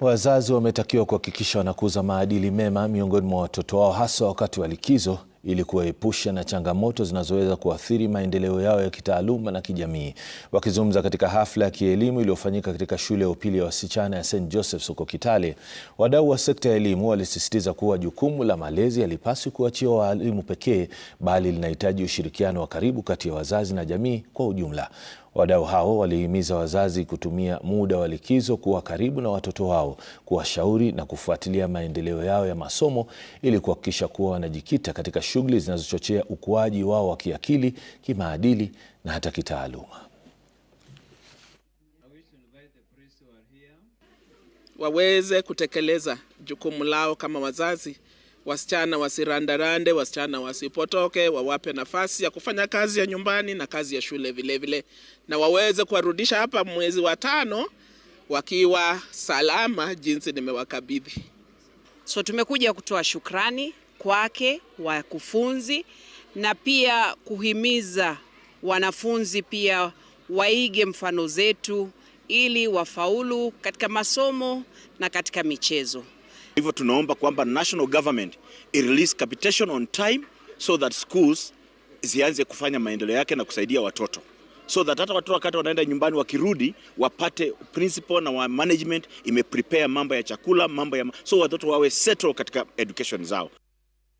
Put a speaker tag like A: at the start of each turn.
A: Wazazi wametakiwa kuhakikisha wanakuza maadili mema miongoni mwa watoto wao hasa wakati wa likizo ili kuwaepusha na changamoto zinazoweza kuathiri maendeleo yao ya kitaaluma na kijamii. Wakizungumza katika hafla ya kielimu iliyofanyika katika shule ya upili ya wasichana ya St Joseph's huko Kitale, wadau wa sekta ya elimu walisisitiza kuwa jukumu la malezi halipaswi kuachia waalimu pekee, bali linahitaji ushirikiano wa karibu kati ya wazazi na jamii kwa ujumla. Wadau hao walihimiza wazazi kutumia muda wa likizo kuwa karibu na watoto wao, kuwashauri na kufuatilia maendeleo yao ya masomo ili kuhakikisha kuwa wanajikita katika shughuli zinazochochea ukuaji wao wa kiakili, kimaadili na hata kitaaluma.
B: Waweze kutekeleza jukumu lao kama wazazi. Wasichana wasirandarande, wasichana wasipotoke, wawape nafasi ya kufanya kazi ya nyumbani na kazi ya shule vilevile vile. Na waweze kuwarudisha hapa mwezi wa tano wakiwa salama jinsi nimewakabidhi.
C: So tumekuja kutoa shukrani kwake wakufunzi, na pia kuhimiza wanafunzi pia waige mfano zetu ili wafaulu katika masomo na katika michezo.
D: Hivyo tunaomba kwamba national government release capitation on time so that schools zianze kufanya maendeleo yake na kusaidia watoto so that hata watoto wakati wanaenda nyumbani wakirudi, wapate principal na wa management imeprepare mambo ya chakula, mambo ya so watoto wawe settle katika education zao.